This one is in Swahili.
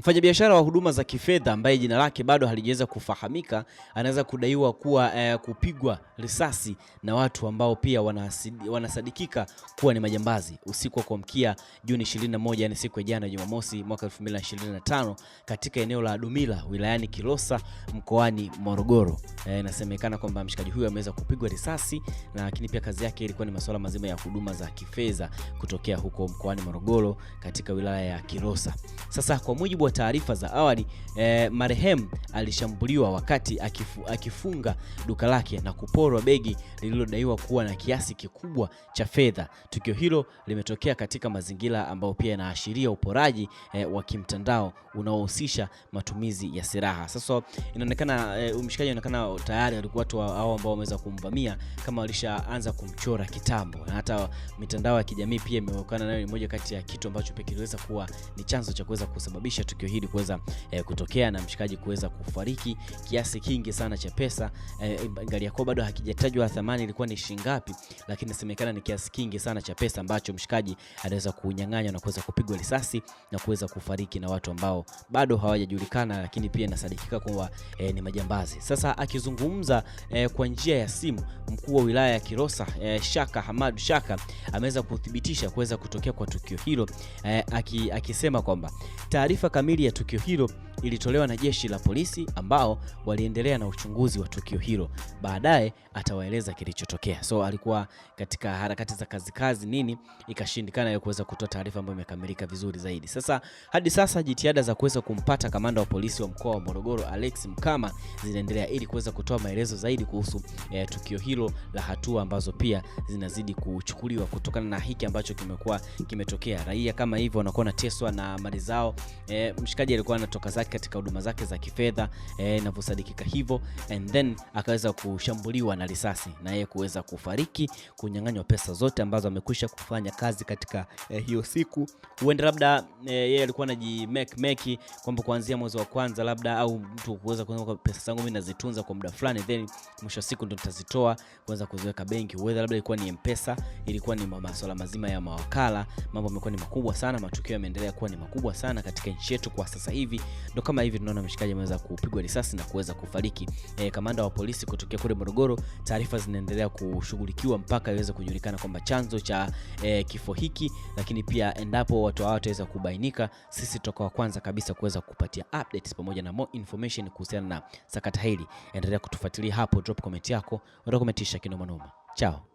Mfanyabiashara wa huduma za kifedha ambaye jina lake bado halijaweza kufahamika anaweza kudaiwa kuwa eh, kupigwa risasi na watu ambao pia wanasadikika kuwa ni majambazi usiku wa kuamkia Juni 21, yani siku ya jana Jumamosi mwaka 2025 katika eneo la Dumila wilayani Kilosa mkoani Morogoro. Eh, inasemekana eh, kwamba mshikaji huyo ameweza kupigwa risasi, lakini pia kazi yake ilikuwa ni masuala mazima ya huduma za kifedha kutokea huko mkoani Morogoro katika wilaya ya Kilosa. Sasa kwa mujibu kuwa taarifa za awali eh, marehemu alishambuliwa wakati akifu, akifunga duka lake na kuporwa begi lililodaiwa kuwa na kiasi kikubwa cha fedha. Tukio hilo limetokea katika mazingira ambayo pia yanaashiria uporaji eh, wa kimtandao unaohusisha matumizi ya silaha. Sasa inaonekana eh, umshikaji inaonekana tayari alikuwa watu hao ambao wameweza kumvamia kama walishaanza kumchora kitambo, na hata mitandao ya kijamii pia imeokana nayo, ni moja kati ya kitu ambacho pia kiliweza kuwa ni chanzo cha kuweza kusababisha tukio tukio hili kuweza eh, kutokea na mshikaji kuweza kufariki, kiasi kingi sana cha pesa eh, Kariakoo bado hakijatajwa thamani ilikuwa ni shingapi, lakini inasemekana ni kiasi kingi sana cha pesa ambacho mshikaji anaweza kunyang'anywa na kuweza kupigwa risasi na kuweza kufariki na watu ambao bado hawajajulikana, lakini pia inasadikika kuwa eh, ni majambazi. Sasa akizungumza eh, kwa njia ya simu mkuu wa wilaya ya Kilosa eh, Shaka Hamad Shaka ameweza kuthibitisha kuweza kutokea kwa tukio hilo eh, akisema kwamba taarifa kamili kamili ya tukio hilo ilitolewa na jeshi la polisi ambao waliendelea na uchunguzi wa tukio hilo. Baadaye atawaeleza kilichotokea. So alikuwa katika harakati za kazi kazi nini, ikashindikana ya kuweza kutoa taarifa ambayo imekamilika vizuri zaidi. Sasa hadi sasa jitihada za kuweza kumpata kamanda wa polisi wa mkoa wa Morogoro Alex Mkama zinaendelea ili kuweza kutoa maelezo zaidi kuhusu eh, tukio hilo la hatua ambazo pia zinazidi kuchukuliwa kutokana na hiki ambacho kimekuwa kimetokea. Raia kama hivyo wanakuwa wanateswa na mali zao. Eh, mshikaji alikuwa anatoka zake katika huduma zake za kifedha eh, inavyosadikika eh, hivyo and then akaweza kushambuliwa na risasi na yeye kuweza kufariki, kunyang'anywa pesa zote ambazo amekwisha kufanya kazi katika e, hiyo siku. Huenda labda e, yeye alikuwa anajimake make kwamba kuanzia mwezi wa kwanza labda au mtu kuweza kuweza pesa zangu mimi nazitunza kwa muda fulani, then mwisho siku ndo nitazitoa kuweza kuziweka benki. Huenda labda ilikuwa ni mpesa ilikuwa ni masuala mazima ya mawakala. Mambo yamekuwa ni makubwa sana, matukio yameendelea kuwa ni makubwa sana katika nchi yetu kwa sasa hivi. Ndio kama hivi tunaona mshikaji ameweza kupigwa risasi na kuweza kufariki. E, kamanda wa polisi kutokea kule Morogoro, taarifa zinaendelea kushughulikiwa mpaka iweze kujulikana kwamba chanzo cha e, kifo hiki, lakini pia endapo watu hao wataweza kubainika, sisi tutakuwa wa kwanza kabisa kuweza kupatia updates pamoja na more information kuhusiana na sakata hili. Endelea kutufuatilia hapo, drop comment yako, utakometisha kinomanoma Chao.